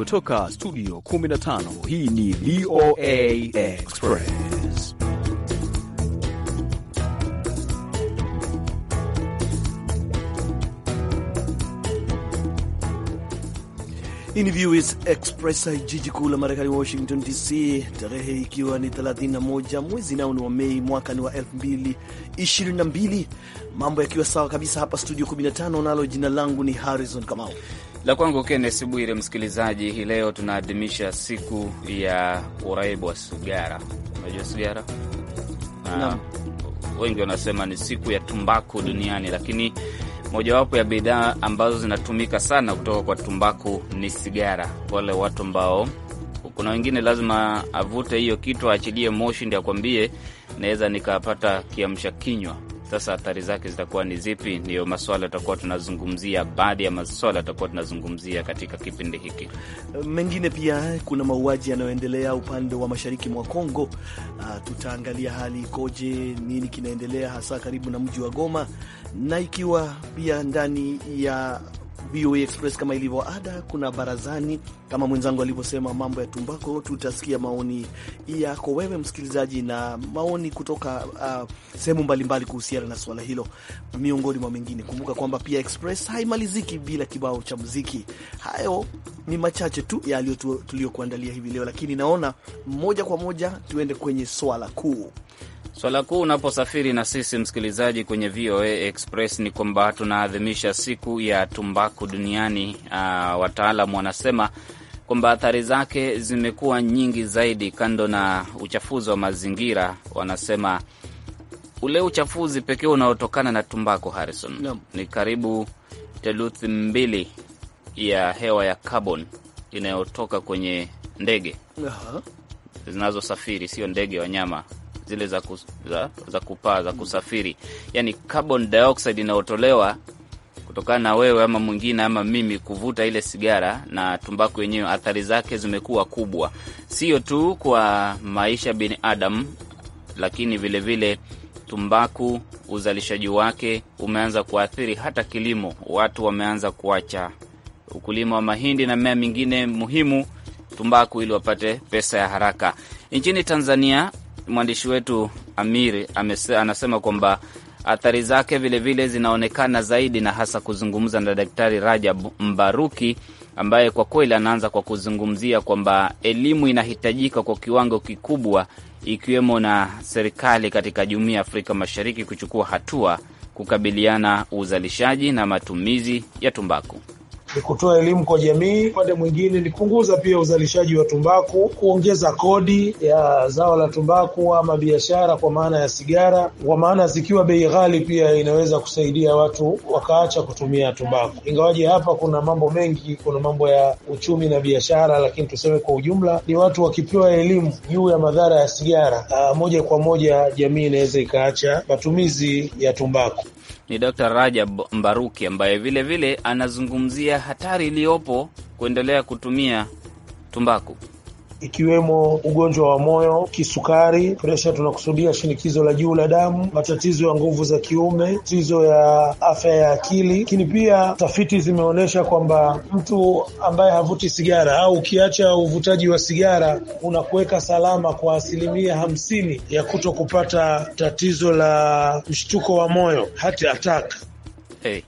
kutoka studio 15 hii ni VOA Express hii ni VOA Express jiji kuu la Marekani Washington DC tarehe ikiwa ni 31 mwezi nao ni wa Mei mwaka ni wa 2022 mambo yakiwa sawa kabisa hapa studio 15 nalo jina langu ni Harrison Kamau la kwangu Kennes Bwire. Msikilizaji, hii leo tunaadhimisha siku ya uraibu wa sigara. Unajua sigara ah, no. Wengi wanasema ni siku ya tumbaku duniani, lakini mojawapo ya bidhaa ambazo zinatumika sana kutoka kwa tumbaku ni sigara. Wale watu ambao kuna wengine lazima avute hiyo kitu aachilie moshi, ndi akwambie naweza nikapata kiamsha kinywa sasa athari zake zitakuwa ni zipi? Ndiyo maswala tutakuwa tunazungumzia, baadhi ya maswala tutakuwa tunazungumzia katika kipindi hiki. Mengine pia kuna mauaji yanayoendelea upande wa mashariki mwa Kongo. Uh, tutaangalia hali ikoje, nini kinaendelea hasa karibu na mji wa Goma na ikiwa pia ndani ya VOA Express kama ilivyo ada, kuna barazani. Kama mwenzangu alivyosema, mambo ya tumbako, tutasikia maoni yako wewe msikilizaji na maoni kutoka uh, sehemu mbalimbali kuhusiana na swala hilo, miongoni mwa mengine. Kumbuka kwamba pia Express haimaliziki bila kibao cha muziki. Hayo ni machache tu yaliyo tuliyokuandalia hivi leo, lakini naona moja kwa moja tuende kwenye swala kuu. Swala kuu unaposafiri na sisi msikilizaji kwenye VOA Express ni kwamba tunaadhimisha siku ya tumbaku duniani. Uh, ah, wataalam wanasema kwamba athari zake zimekuwa nyingi zaidi, kando na uchafuzi wa mazingira. Wanasema ule uchafuzi pekee unaotokana na tumbaku, Harrison, no. ni karibu theluthi mbili ya hewa ya carbon inayotoka kwenye ndege uh -huh. zinazosafiri, sio ndege, wanyama zile za, ku, za, za kupaa za kusafiri, yani carbon dioxide inayotolewa kutokana na wewe ama mwingine ama mimi kuvuta ile sigara na tumbaku yenyewe, athari zake zimekuwa kubwa, sio tu kwa maisha binadamu, lakini vilevile vile tumbaku uzalishaji wake umeanza kuathiri hata kilimo. Watu wameanza kuacha ukulima wa mahindi na mimea mingine muhimu tumbaku ili wapate pesa ya haraka. Nchini Tanzania mwandishi wetu amir amese, anasema kwamba athari zake vilevile zinaonekana zaidi na hasa kuzungumza na Daktari Rajab Mbaruki ambaye kwa kweli anaanza kwa kuzungumzia kwamba elimu inahitajika kwa kiwango kikubwa, ikiwemo na serikali katika Jumuiya ya Afrika Mashariki kuchukua hatua kukabiliana uzalishaji na matumizi ya tumbaku ni kutoa elimu kwa jamii, upande mwingine ni kupunguza pia uzalishaji wa tumbaku, kuongeza kodi ya zao la tumbaku ama biashara kwa maana ya sigara, kwa maana zikiwa bei ghali, pia inaweza kusaidia watu wakaacha kutumia tumbaku. Ingawaje hapa kuna mambo mengi, kuna mambo ya uchumi na biashara, lakini tuseme kwa ujumla ni watu wakipewa elimu juu ya madhara ya sigara, ah, moja kwa moja jamii inaweza ikaacha matumizi ya tumbaku ni Dr. Rajab Mbaruki ambaye vilevile anazungumzia hatari iliyopo kuendelea kutumia tumbaku ikiwemo ugonjwa wa moyo, kisukari, presha, tunakusudia shinikizo la juu la damu, matatizo ya nguvu za kiume, tatizo ya afya ya akili. Lakini pia tafiti zimeonyesha kwamba mtu ambaye havuti sigara au ukiacha uvutaji wa sigara unakuweka salama kwa asilimia hamsini ya kuto kupata tatizo la mshtuko wa moyo hati attack. Hey,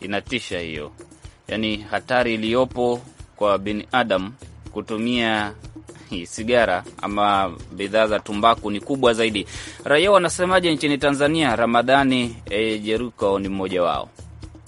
inatisha hiyo, yaani hatari iliyopo kwa binadamu kutumia hii sigara ama bidhaa za tumbaku ni kubwa zaidi. Raia wanasemaje nchini Tanzania? Ramadhani e, Jeruko ni mmoja wao.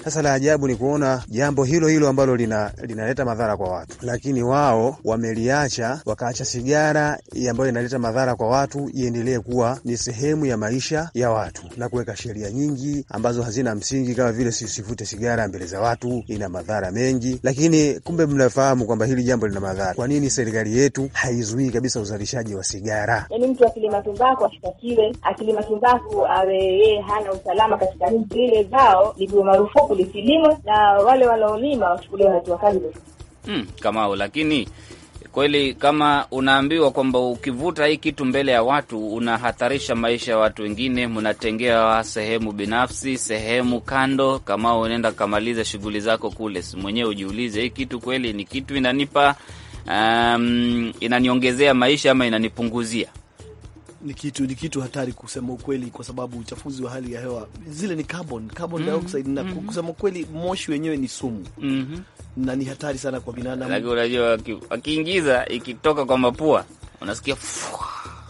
Sasa la ajabu ni kuona jambo hilo hilo ambalo linaleta lina madhara kwa watu, lakini wao wameliacha, wakaacha sigara ambayo inaleta madhara kwa watu iendelee kuwa ni sehemu ya maisha ya watu, na kuweka sheria nyingi ambazo hazina msingi, kama vile sisivute sigara mbele za watu, ina madhara mengi. Lakini kumbe mnafahamu kwamba hili jambo lina madhara. Kwa nini serikali yetu haizuii kabisa uzalishaji wa sigara? Yani mtu akili matumbaku ashitakiwe, akili matumbaku awe yeye hana usalama katika nchi, ile zao lipigwe marufuku shughuli kilimo na wale wanaolima wachukuliwe hatua kali mm, kamao. Lakini kweli kama unaambiwa kwamba ukivuta hii kitu mbele ya watu unahatarisha maisha ya watu wengine, mnatengea sehemu binafsi, sehemu kando, kama unaenda kamaliza shughuli zako kule, si mwenyewe ujiulize, hii kitu kweli ni kitu inanipa um, inaniongezea maisha ama inanipunguzia? ni kitu ni kitu hatari kusema ukweli, kwa sababu uchafuzi wa hali ya hewa zile ni carbon, carbon mm -hmm. dioxide na mm -hmm. kusema ukweli, moshi wenyewe ni sumu mm -hmm. na ni hatari sana kwa binadamu. Lakini unajua akiingiza ikitoka kwa mapua unasikia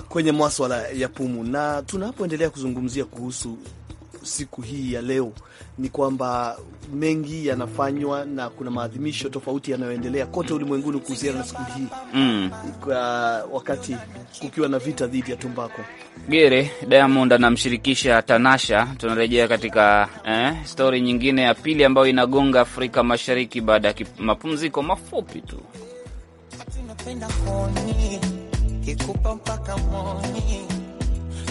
kwenye maswala ya pumu, na tunapoendelea kuzungumzia kuhusu siku hii ya leo ni kwamba mengi yanafanywa na kuna maadhimisho tofauti yanayoendelea kote ulimwenguni kuhusiana na siku hii mm. Kwa wakati kukiwa na vita dhidi ya tumbako. Gere Diamond anamshirikisha Tanasha. Tunarejea katika eh, stori nyingine ya pili ambayo inagonga Afrika Mashariki baada ya mapumziko mafupi tu kikupa mpaka moni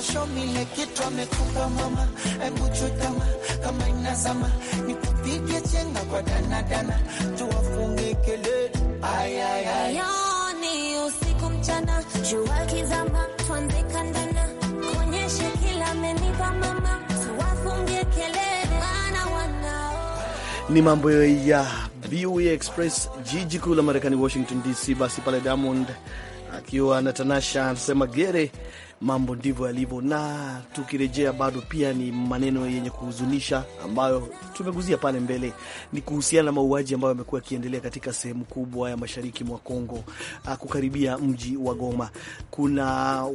show me le kitu amekupa mama, hebu chutama kama inazama, nikupige chenga kwa dana dana, tuwafunge kelele. Ay, ay, ay. Yoni usiku mchana, jua kizama, tuanze kandana, konyeshe kila amenipa mama, tuwafunge kelele, maana wanao ni mambo ya VOA Express, jiji kuu la Marekani, Washington DC. Basi pale Diamond akiwa na Tanasha anasema gere mambo ndivyo yalivyo, na tukirejea bado pia ni maneno yenye kuhuzunisha ambayo tumeguzia pale mbele, ni kuhusiana na mauaji ambayo yamekuwa yakiendelea katika sehemu kubwa ya mashariki mwa Kongo, ah, kukaribia mji wa Goma. Kuna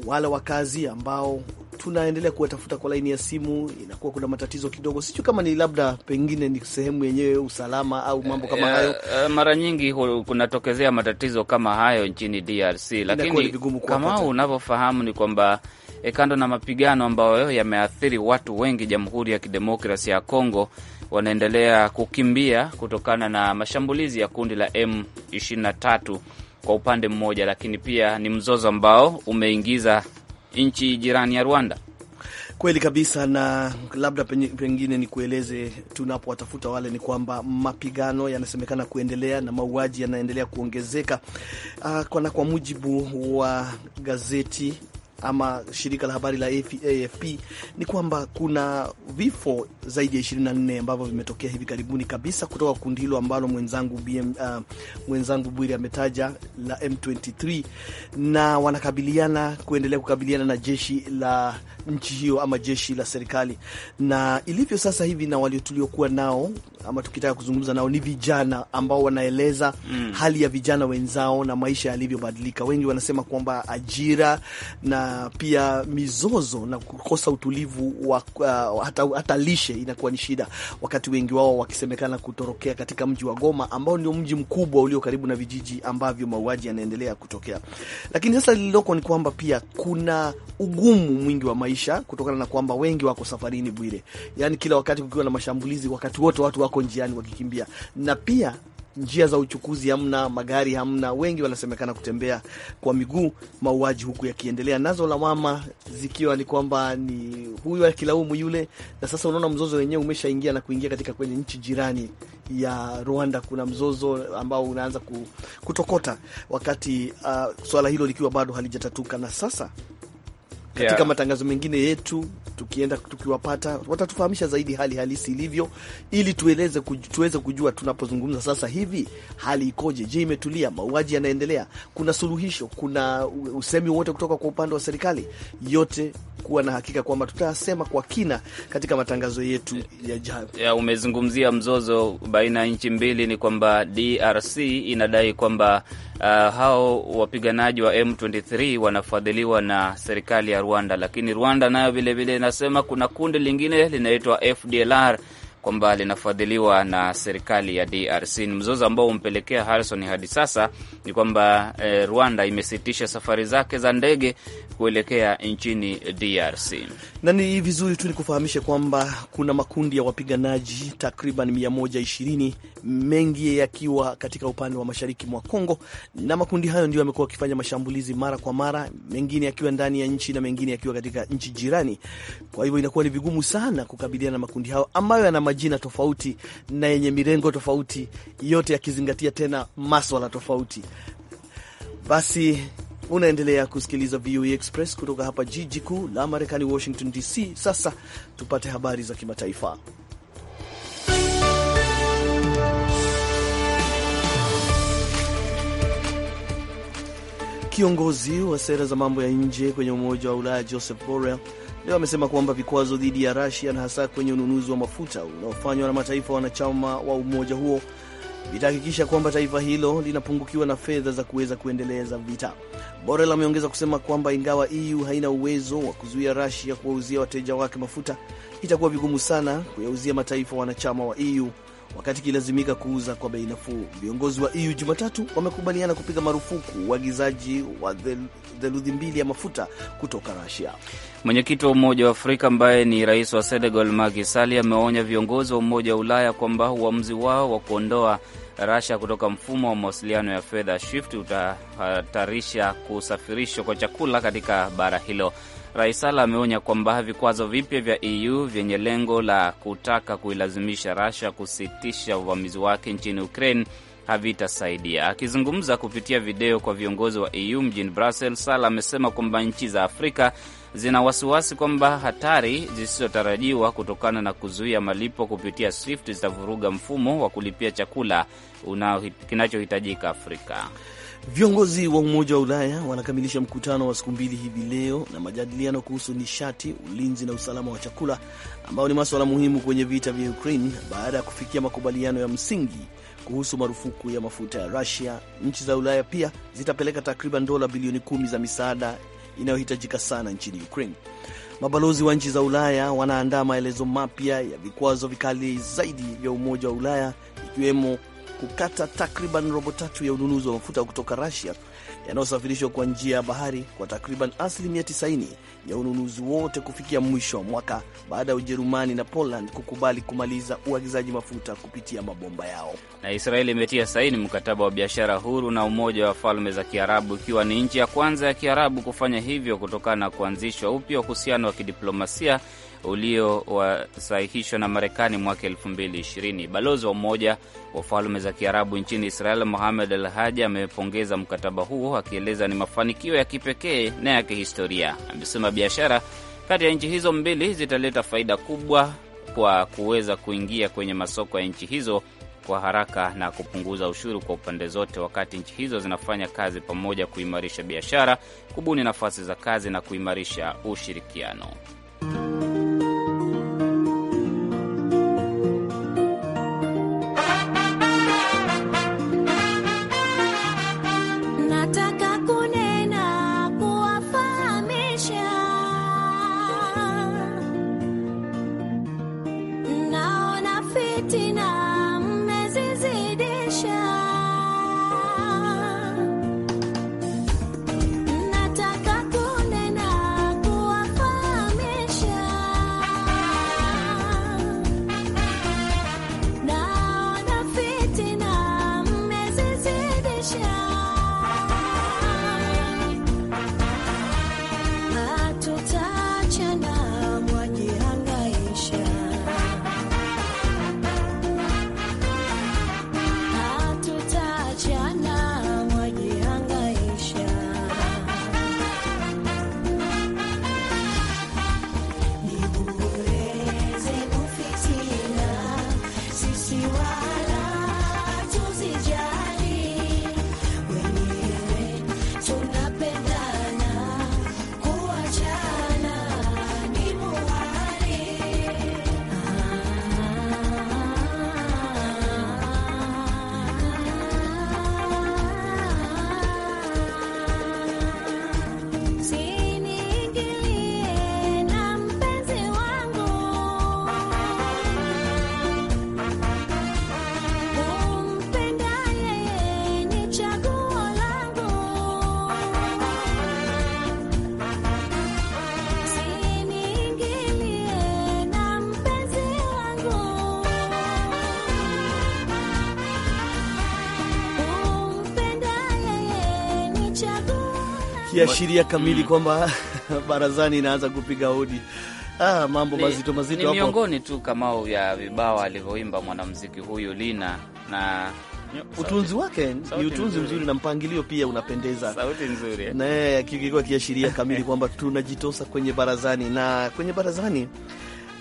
wale wakazi ambao tunaendelea kuwatafuta kwa laini ya simu, inakuwa kuna matatizo kidogo, sijui kama ni labda pengine ni sehemu yenyewe usalama au mambo kama eh, hayo. Eh, mara nyingi kunatokezea matatizo kama hayo nchini DRC, lakini kama unavyofahamu ni kwamba e, kando na mapigano ambayo yameathiri watu wengi Jamhuri ya Kidemokrasia ya Kongo, wanaendelea kukimbia kutokana na mashambulizi ya kundi la M23 kwa upande mmoja, lakini pia ni mzozo ambao umeingiza nchi jirani ya Rwanda. Kweli kabisa, na labda pengine nikueleze, tunapowatafuta wale ni kwamba mapigano yanasemekana kuendelea na mauaji yanaendelea kuongezeka, ah, kwa, kwa mujibu wa gazeti ama shirika la habari la AFP ni kwamba kuna vifo zaidi ya 24 ambavyo vimetokea hivi karibuni kabisa kutoka kundi hilo ambalo mwenzangu BM, uh, mwenzangu Bwiri ametaja la M23, na wanakabiliana kuendelea kukabiliana na jeshi la nchi hiyo ama jeshi la serikali, na ilivyo sasa hivi na waliotuliokuwa nao ama tukitaka kuzungumza nao ni vijana ambao wanaeleza mm, hali ya vijana wenzao na maisha yalivyobadilika. Wengi wanasema kwamba ajira na Uh, pia mizozo na kukosa utulivu wa, uh, hata, hata lishe inakuwa ni shida, wakati wengi wao wakisemekana kutorokea katika mji wa Goma ambao ndio mji mkubwa ulio karibu na vijiji ambavyo mauaji yanaendelea kutokea. Lakini sasa lililoko ni kwamba pia kuna ugumu mwingi wa maisha kutokana na kwamba wengi wako safarini, Bwire, yani kila wakati kukiwa na mashambulizi, wakati wote watu wako njiani wakikimbia na pia njia za uchukuzi hamna, magari hamna, wengi wanasemekana kutembea kwa miguu, mauaji huku yakiendelea, nazo lawama zikiwa ni kwamba ni huyu akilaumu yule, na sasa unaona mzozo wenyewe umeshaingia na kuingia katika kwenye nchi jirani ya Rwanda. Kuna mzozo ambao unaanza kutokota wakati uh, swala hilo likiwa bado halijatatuka na sasa katika yeah, matangazo mengine yetu tukienda tukiwapata, watatufahamisha zaidi hali halisi ilivyo, ili tueleze tuweze kujua tunapozungumza sasa hivi hali ikoje. Je, imetulia? Mauaji yanaendelea? Kuna suluhisho? Kuna usemi wote kutoka kwa upande wa serikali? Yote kuwa na hakika kwamba tutasema kwa kina katika matangazo yetu yajayo. Yeah, umezungumzia mzozo baina ya nchi mbili, ni kwamba DRC inadai kwamba uh, hao wapiganaji wa M23 wanafadhiliwa na serikali ya Rwanda, lakini Rwanda nayo vilevile inasema kuna kundi lingine linaitwa FDLR kwamba linafadhiliwa na serikali ya DRC. Ni mzozo ambao umpelekea Harrison hadi sasa ni kwamba eh, Rwanda imesitisha safari zake za ndege kuelekea nchini DRC. Na ni vizuri tu nikufahamishe kwamba kuna makundi ya wapiganaji takriban 120 mengi yakiwa katika upande wa mashariki mwa Kongo, na makundi hayo ndio yamekuwa wakifanya mashambulizi mara kwa mara, mengine yakiwa ndani ya nchi na mengine yakiwa katika nchi jirani. Kwa hivyo inakuwa ni vigumu sana kukabiliana na makundi hayo ambayo yana majina tofauti na yenye mirengo tofauti, yote yakizingatia tena maswala tofauti. Basi unaendelea kusikiliza VOA e Express kutoka hapa jiji kuu la Marekani, Washington DC. Sasa tupate habari za kimataifa. Kiongozi wa sera za mambo ya nje kwenye Umoja wa Ulaya Joseph Borrell Leo amesema kwamba vikwazo dhidi ya rasia na hasa kwenye ununuzi wa mafuta unaofanywa na mataifa wanachama wa umoja huo vitahakikisha kwamba taifa hilo linapungukiwa na fedha za kuweza kuendeleza vita. Borel ameongeza kusema kwamba ingawa EU haina uwezo wa kuzuia rasia kuwauzia wateja wake mafuta, itakuwa vigumu sana kuyauzia mataifa wanachama wa EU wakati ikilazimika kuuza kwa bei nafuu. Viongozi wa EU Jumatatu wamekubaliana kupiga marufuku uagizaji wa theluthi mbili ya mafuta kutoka Rasia. Mwenyekiti wa Umoja wa Afrika ambaye ni rais wa Senegal Macky Sall ameonya viongozi wa Umoja wa Ulaya kwamba uamuzi wao wa kuondoa Rasha kutoka mfumo wa mawasiliano ya fedha SWIFT utahatarisha kusafirishwa kwa chakula katika bara hilo sala ameonya kwamba vikwazo vipya vya EU vyenye lengo la kutaka kuilazimisha Rasha kusitisha uvamizi wake nchini Ukraine havitasaidia. Akizungumza kupitia video kwa viongozi wa EU mjini Brussels, Sala amesema kwamba nchi za Afrika zina wasiwasi kwamba hatari zisizotarajiwa kutokana na kuzuia malipo kupitia SWIFT zitavuruga mfumo wa kulipia chakula kinachohitajika Afrika. Viongozi wa Umoja wa Ulaya wanakamilisha mkutano wa siku mbili hivi leo na majadiliano kuhusu nishati, ulinzi na usalama wa chakula ambao ni masuala muhimu kwenye vita vya Ukraine baada ya kufikia makubaliano ya msingi kuhusu marufuku ya mafuta ya Rusia. Nchi za Ulaya pia zitapeleka takriban dola bilioni kumi za misaada inayohitajika sana nchini Ukraine. Mabalozi wa nchi za Ulaya wanaandaa maelezo mapya ya vikwazo vikali zaidi vya Umoja wa Ulaya ikiwemo kukata takriban robo tatu ya ununuzi wa mafuta kutoka Rusia yanayosafirishwa kwa njia ya bahari kwa takriban asilimia 90 ya ununuzi wote kufikia mwisho wa mwaka baada ya Ujerumani na Poland kukubali kumaliza uagizaji mafuta kupitia mabomba yao. Na Israeli imetia saini mkataba wa biashara huru na Umoja wa Falme za Kiarabu, ikiwa ni nchi ya kwanza ya Kiarabu kufanya hivyo kutokana na kuanzishwa upya uhusiano wa kidiplomasia uliowasahihishwa na Marekani mwaka 220 Balozi wa Umoja wa Falme za Kiarabu nchini Israel, Mohamed Al Haji, amepongeza mkataba huo akieleza ni mafanikio ya kipekee na ya kihistoria. Amesema biashara kati ya nchi hizo mbili zitaleta faida kubwa kwa kuweza kuingia kwenye masoko ya nchi hizo kwa haraka na kupunguza ushuru kwa upande zote, wakati nchi hizo zinafanya kazi pamoja kuimarisha biashara, kubuni nafasi za kazi na kuimarisha ushirikiano. kiashiria kamili mm, kwamba barazani inaanza kupiga hodi. Ah, mambo mazito mazito hapo. miongoni tu kama ya vibao alivyoimba mwanamuziki huyu Lina na utunzi wake ni utunzi mzuri na mpangilio pia unapendeza, sauti nzuri na kikikuwa kiashiria kamili kwamba tunajitosa kwenye barazani na kwenye barazani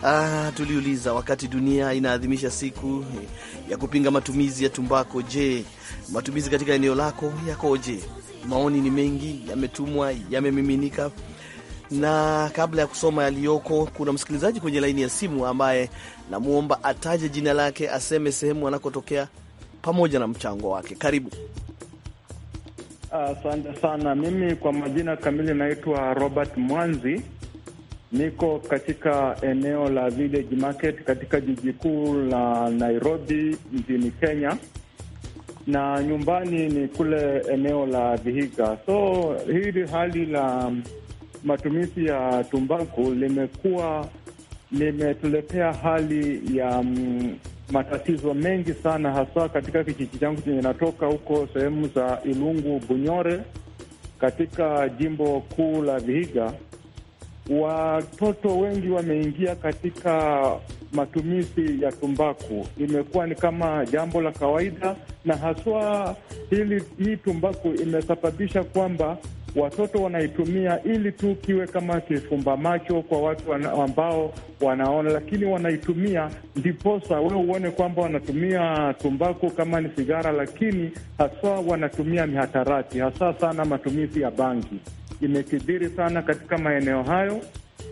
Ah, tuliuliza wakati dunia inaadhimisha siku ya kupinga matumizi ya tumbako, je, matumizi katika eneo lako yakoje? maoni ni mengi, yametumwa, yamemiminika. Na kabla ya kusoma yaliyoko, kuna msikilizaji kwenye laini ya simu ambaye namwomba ataje jina lake, aseme sehemu anakotokea pamoja na mchango wake. Karibu. Asante uh, sana. Mimi kwa majina kamili naitwa Robert Mwanzi, niko katika eneo la Village Market katika jiji kuu la Nairobi nchini Kenya na nyumbani ni kule eneo la Vihiga. So hili hali la matumizi ya tumbaku limekuwa limetuletea hali ya m, mm, matatizo mengi sana, hasa katika kijiji changu chenye natoka huko sehemu za Ilungu Bunyore, katika jimbo kuu la Vihiga watoto wengi wameingia katika matumizi ya tumbaku. Imekuwa ni kama jambo la kawaida, na haswa hili hii tumbaku imesababisha kwamba watoto wanaitumia ili tu kiwe kama kifumba macho kwa watu ambao wanaona, lakini wanaitumia ndiposa wewe uone kwamba wanatumia tumbaku kama ni sigara, lakini haswa wanatumia mihadarati, hasa sana matumizi ya bangi imekidhiri sana katika maeneo hayo,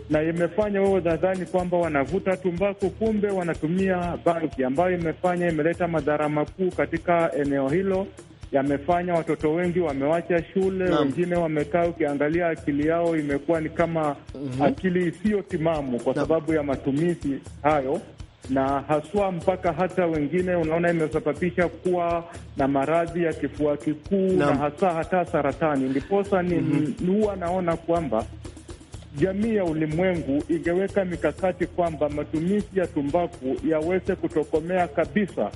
na imefanya wewe nadhani kwamba wanavuta tumbaku, kumbe wanatumia bangi, ambayo imefanya imeleta madhara makuu katika eneo hilo. Yamefanya watoto wengi wamewacha shule Naam. Wengine wamekaa, ukiangalia akili yao imekuwa ni kama mm -hmm. akili isiyo timamu kwa Naam. sababu ya matumizi hayo na haswa mpaka hata wengine unaona imesababisha kuwa na maradhi ya kifua kikuu na, na hasa hata saratani. Ndiposa ni mm huwa -hmm. naona kwamba jamii ya ulimwengu ingeweka mikakati kwamba matumizi ya tumbaku yaweze kutokomea kabisa,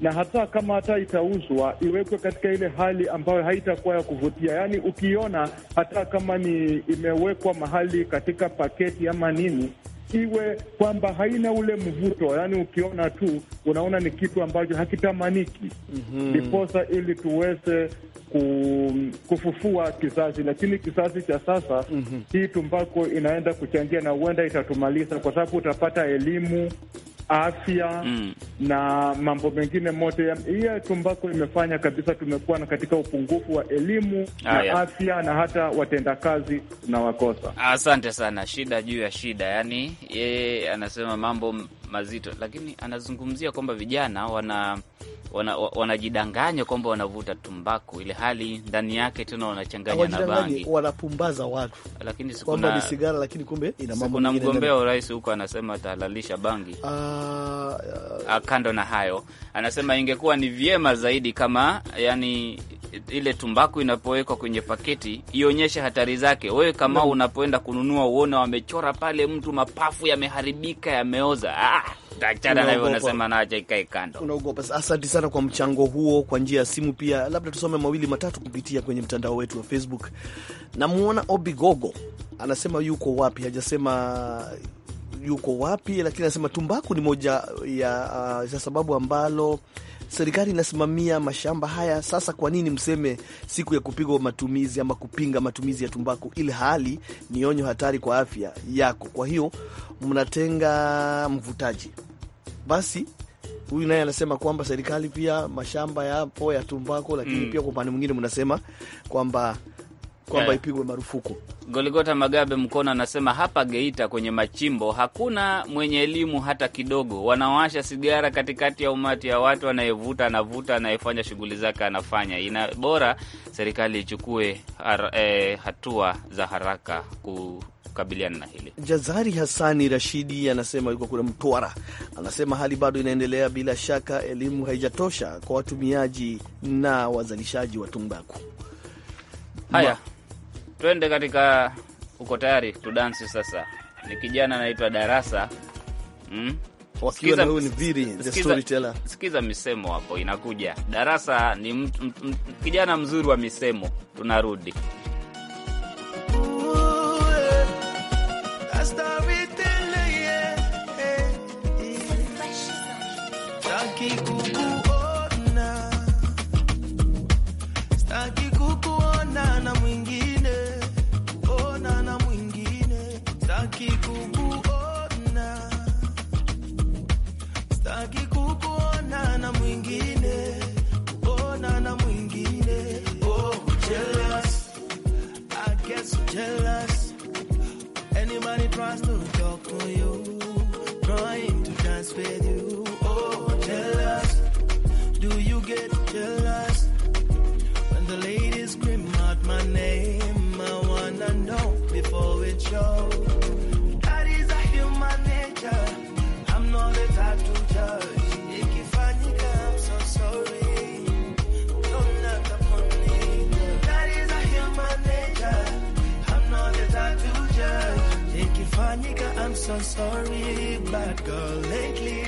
na hata kama hata itauzwa iwekwe katika ile hali ambayo haitakuwa ya kuvutia. Yaani ukiona hata kama ni imewekwa mahali katika paketi ama nini iwe kwamba haina ule mvuto, yaani ukiona tu unaona ni kitu ambacho hakitamaniki, mhm. ndiposa mm -hmm. ili tuweze kufufua kizazi, lakini kizazi cha sasa mm -hmm. hii tumbako inaenda kuchangia na huenda itatumaliza, kwa sababu utapata elimu afya mm. na mambo mengine mote. Hiyo tumbako imefanya kabisa, tumekuwa na katika upungufu wa elimu ah, na yeah. afya na hata watendakazi wakosa Asante sana, shida juu ya shida. Yani yeye anasema mambo mazito, lakini anazungumzia kwamba vijana wana wanajidanganya wana kwamba wanavuta tumbaku, ile hali ndani yake tena wanachanganya na bangi, wanapumbaza watu, lakini ni sigara, lakini kumbe ina mambo. Kuna mgombea wa urais huko anasema atahalalisha bangi. Ah, ah. Ah, kando na hayo, anasema ingekuwa ni vyema zaidi kama yani ile tumbaku inapowekwa kwenye paketi ionyeshe hatari zake. Wewe kama no. unapoenda kununua uone wamechora pale mtu mapafu yameharibika, yameoza, ah, daktari anavyo anasema naacha ikae kando. Unaogopa. Asante sana kwa mchango huo kwa njia ya simu. Pia labda tusome mawili matatu kupitia kwenye mtandao wetu wa Facebook. Namwona Obigogo anasema yuko wapi, hajasema yuko wapi, lakini anasema tumbaku ni moja ya uh, sababu ambalo serikali inasimamia mashamba haya, sasa kwa nini mseme siku ya kupigwa matumizi ama kupinga matumizi ya tumbaku, ili hali ni onyo hatari kwa afya yako? Kwa hiyo mnatenga mvutaji. Basi huyu naye anasema kwamba serikali pia mashamba yapo ya tumbako, lakini mm, pia kwa upande mwingine mnasema kwamba kwamba yeah, ipigwe marufuku. Goligota Magabe Mkono anasema hapa Geita kwenye machimbo hakuna mwenye elimu hata kidogo, wanawasha sigara katikati ya umati ya watu, anayevuta anavuta, anayefanya shughuli zake anafanya. Ina bora serikali ichukue eh, hatua za haraka ku kukabiliana na hili. Jazari Hasani Rashidi anasema yuko kule Mtwara, anasema hali bado inaendelea. Bila shaka elimu haijatosha kwa watumiaji na wazalishaji wa tumbaku. Haya Ma Twende katika uko tayari tudansi sasa. Ni kijana anaitwa Darasa mm? Sikiza, sikiza misemo hapo inakuja. Darasa ni m, m, m, kijana mzuri wa misemo. Tunarudi so sorry, bad girl. Lately,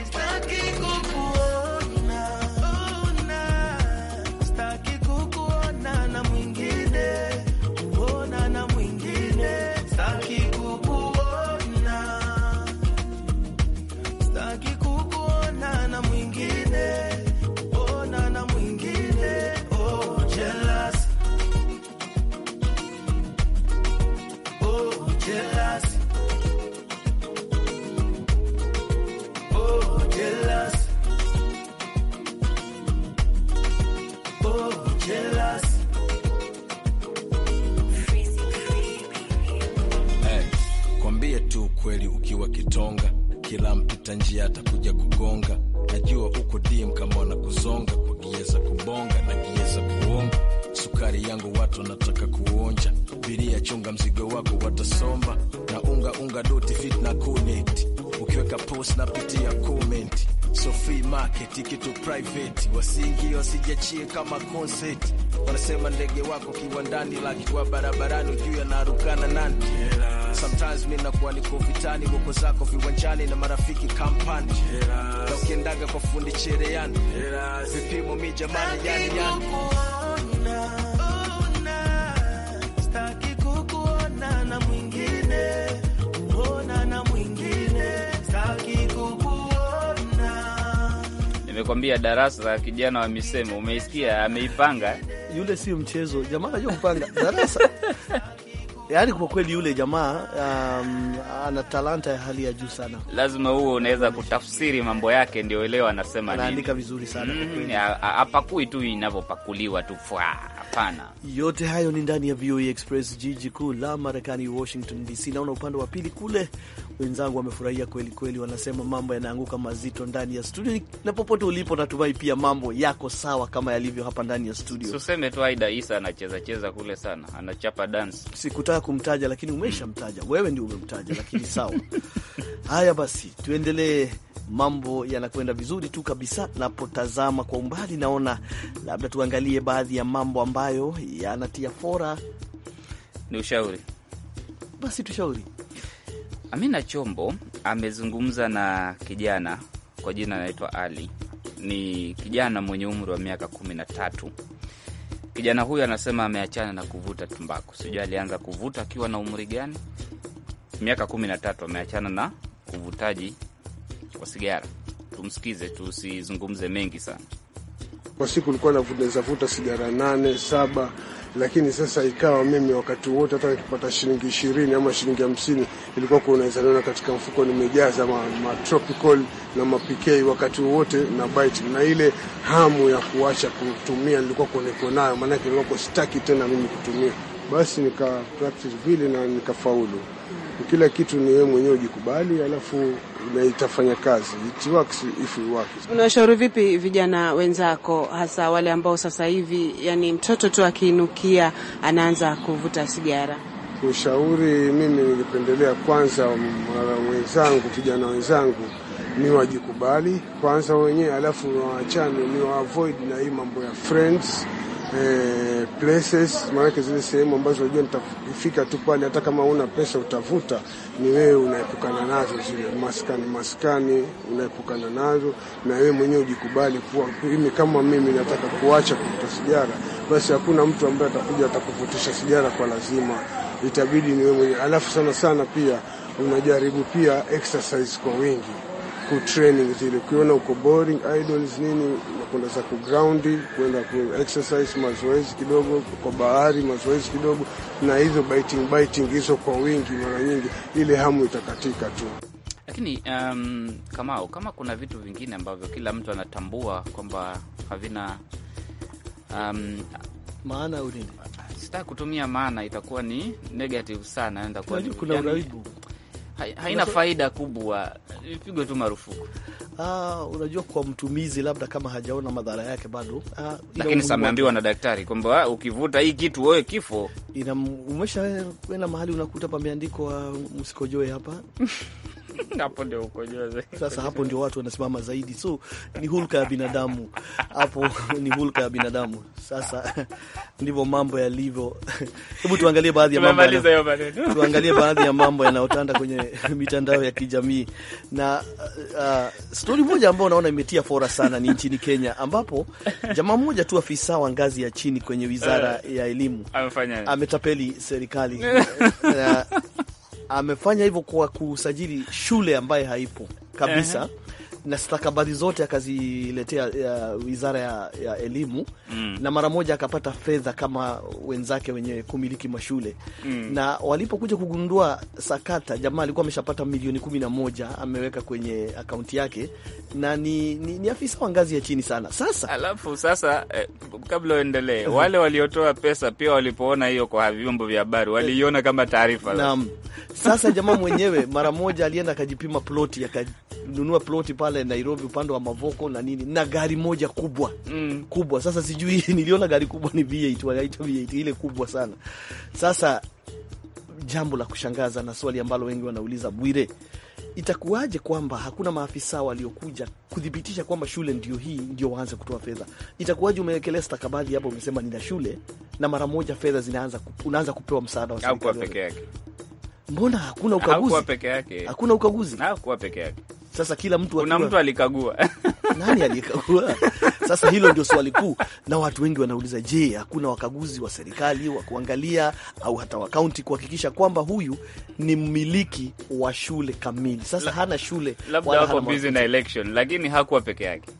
kama concert. Wanasema ndege wako kiwandani, lakiwa barabarani, juu yanarukana nani? Sometimes mi nakuwa niko vitani, huko zako viwanjani na marafiki kampani, na ukiendaga kwa fundi cherehani, vipimo mi jamani, yani yani nakwambia, darasa la kijana wa misemo, umeisikia? Ameipanga yule, sio mchezo, jamaa anajua kupanga darasa yaani kwa kweli yule jamaa um, ana talanta ya hali ya juu sana. Lazima huo unaweza kutafsiri mambo yake, ndio elewa anasema nini. Anaandika vizuri sana mm, hapakui tu inavyopakuliwa tu fwa hapana. Yote hayo ni ndani ya VOA e Express, jiji kuu la Marekani, Washington DC. Naona upande wa pili kule wenzangu wamefurahia kweli kweli, wanasema mambo yanaanguka mazito ndani ya studio. Na popote ulipo, natumai pia mambo yako sawa kama yalivyo hapa ndani ya studio. Tuseme tu Aida Isa anacheza cheza kule sana, anachapa dance. Sikutaka kumtaja, lakini umeshamtaja wewe, ndio umemtaja, lakini sawa. Haya basi, tuendelee mambo yanakwenda vizuri tu kabisa. Napotazama kwa umbali, naona labda tuangalie baadhi ya mambo ambayo ambayo yanatia fora. Ni ushauri basi, tushauri. Amina Chombo amezungumza na kijana kwa jina anaitwa Ali, ni kijana mwenye umri wa miaka kumi na tatu. Kijana huyu anasema ameachana na kuvuta tumbaku. Sijui alianza kuvuta akiwa na umri gani, miaka kumi na tatu ameachana na uvutaji wa sigara. Tumsikize, tusizungumze mengi sana. Kwa siku nilikuwa navuta vuta sigara nane saba, lakini sasa ikawa mimi wakati wote, hata nikipata shilingi ishirini ama shilingi hamsini ilikuwa kunaweza niona katika mfuko nimejaza ma, ma tropical na mapikei wakati wote na bite, na ile hamu ya kuacha kutumia nilikuwa niko nayo, maanake nilikuwa sitaki tena mimi kutumia basi nika practice vile na nikafaulu. Kila kitu ni wewe mwenyewe ujikubali, alafu na itafanya kazi. It works if it works. Unashauri vipi vijana wenzako, hasa wale ambao sasa hivi, yani mtoto tu akiinukia anaanza kuvuta sigara? Ushauri mimi nilipendelea kwanza, wenzangu, vijana wenzangu ni wajikubali kwanza wenyewe, alafu waachane, ni waavoid avoid na hii mambo ya friends eh, places, maanake zile sehemu ambazo unajua nitafika tu pale, hata kama una pesa utavuta, ni wewe unaepukana nazo zile maskani maskani, unaepukana nazo na wewe mwenyewe ujikubali kuwa mimi, kama mimi nataka kuacha kuvuta sigara, basi hakuna mtu ambaye atakuja atakuvutisha sigara kwa lazima, itabidi ni wewe mwenyewe. Alafu sana sana pia unajaribu pia exercise kwa wingi training zile, ukiona uko boring idols nini, nakwenda za ground kwenda ku exercise mazoezi kidogo, kwa bahari mazoezi kidogo, na hizo biting biting hizo kwa wingi, mara nyingi ile hamu itakatika tu. Lakini um, Kamau, kama kuna vitu vingine ambavyo kila mtu anatambua kwamba havina um, maana unini, sitaki kutumia maana, itakuwa ni negative sana, itakuwa yaani kuna uraibu, haina faida kubwa ipigwe tu marufuku. Ah, unajua kwa mtumizi labda kama hajaona madhara yake bado. Ah, lakini sameambiwa na daktari kwamba ah, ukivuta hii kitu wewe kifo. Ina kwenda mahali unakuta pameandikwa msikojoe hapa hapo ndio ukojoa zaidi. Sasa hapo ndio watu wanasimama zaidi, so ni hulka ya binadamu hapo, ni hulka ya binadamu. Sasa ndivyo mambo yalivyo. Hebu tuangalie baadhi ya mambo tuangalie baadhi ya mambo yanayotanda kwenye mitandao ya kijamii na uh, uh stori moja ambayo unaona imetia fora sana ni nchini Kenya, ambapo jamaa mmoja tu, afisa wa ngazi ya chini kwenye wizara uh, ya elimu, ametapeli serikali na amefanya hivyo kwa kusajili shule ambaye haipo kabisa na stakabadhi zote akaziletea wizara ya, ya elimu mm. na mara moja akapata fedha kama wenzake wenye kumiliki mashule mm. na walipokuja kugundua sakata, jamaa alikuwa ameshapata milioni kumi na moja ameweka kwenye akaunti yake, na ni, ni, ni afisa wa ngazi ya chini sana. Sasa alafu sasa eh, kabla uendelee wale waliotoa pesa pia walipoona hiyo kwa vyombo vya habari waliiona kama taarifa. Naam, sasa jamaa mwenyewe mara moja alienda akajipima ploti, akanunua ploti pale pale Nairobi upande wa Mavoko na nini na gari moja kubwa mm. kubwa. Sasa sijui niliona gari kubwa ni V8, wanaita V8 ile kubwa sana. Sasa jambo la kushangaza na swali ambalo wengi wanauliza, Bwire, itakuwaje kwamba hakuna maafisa waliokuja kuthibitisha kwamba shule ndio hii ndio waanze kutoa fedha? Itakuwaje umewekelea stakabadhi hapo, umesema nina shule na mara moja fedha zinaanza, unaanza kupewa msaada wa serikali? Mbona hakuna ukaguzi? Hakuwa peke Hakuna ukaguzi. Hakuwa peke yake. Sasa kila mtu kuna mtu alikagua nani alikagua? Sasa hilo ndio swali kuu, na watu wengi wanauliza, je, hakuna wakaguzi wa serikali wa kuangalia au hata wa kaunti kuhakikisha kwamba huyu ni mmiliki wa shule kamili? Sasa la, hana shule labda wako busy na election, lakini hakuwa peke yake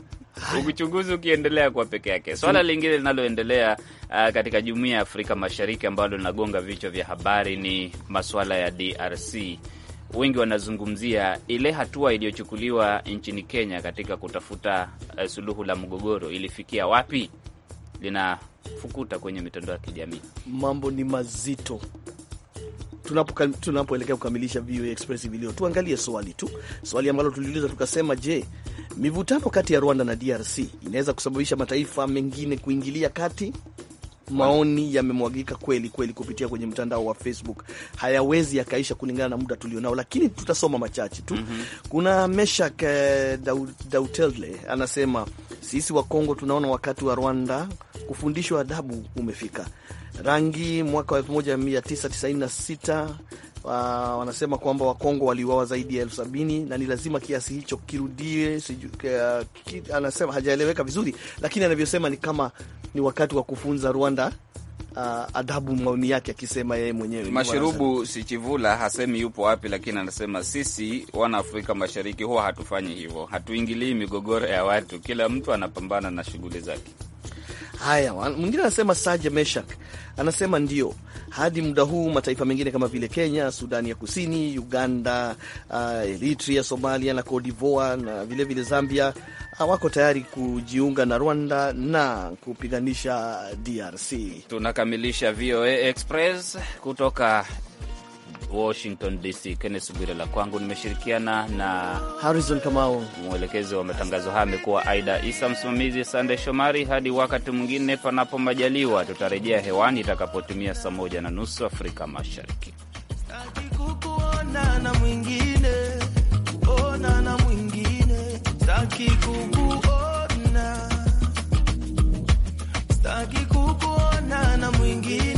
Uchunguzi ukiendelea kwa peke yake. Swala lingine linaloendelea uh, katika jumuiya ya Afrika Mashariki ambalo linagonga vichwa vya habari ni maswala ya DRC wengi wanazungumzia ile hatua iliyochukuliwa nchini Kenya katika kutafuta uh, suluhu la mgogoro ilifikia wapi? Linafukuta kwenye mitandao ya kijamii, mambo ni mazito. Tunapoelekea kukamilisha VOA Express hivi leo, tuangalie swali tu, swali ambalo tuliuliza tukasema, je, mivutano kati ya Rwanda na DRC inaweza kusababisha mataifa mengine kuingilia kati? maoni yamemwagika kweli kweli kupitia kwenye mtandao wa Facebook, hayawezi yakaisha kulingana na muda tulionao, lakini tutasoma machache tu. mm -hmm. Kuna Meshak eh, Dautelle anasema sisi wa Kongo tunaona wakati wa Rwanda kufundishwa adabu umefika. Rangi mwaka wa 1996 Uh, wanasema kwamba Wakongo waliuawa zaidi ya elfu sabini na ni lazima kiasi hicho kirudie. uh, ki, anasema hajaeleweka vizuri, lakini anavyosema ni kama ni wakati wa kufunza Rwanda Uh, adhabu maoni yake akisema yeye mwenyewe. Mashirubu Sichivula hasemi yupo wapi, lakini anasema sisi wana Afrika Mashariki huwa hatufanyi hivyo, hatuingilii migogoro ya watu, kila mtu anapambana na shughuli zake. Haya, mwingine anasema Saje Meshak anasema ndio, hadi muda huu mataifa mengine kama vile Kenya, Sudani ya Kusini, Uganda, uh, Eritrea, Somalia na Cote d'Ivoire na vilevile Zambia hawako tayari kujiunga na Rwanda na kupiganisha DRC. Tunakamilisha VOA Express kutoka Washington DC. Kennes Bwire la kwangu, nimeshirikiana na Harrison Kamau. Mwelekezi wa matangazo haya amekuwa Aida Isa, msimamizi Sandey Shomari. Hadi wakati mwingine, panapo majaliwa, tutarejea hewani itakapotumia saa moja na nusu Afrika Mashariki. staki kukuona na mwingine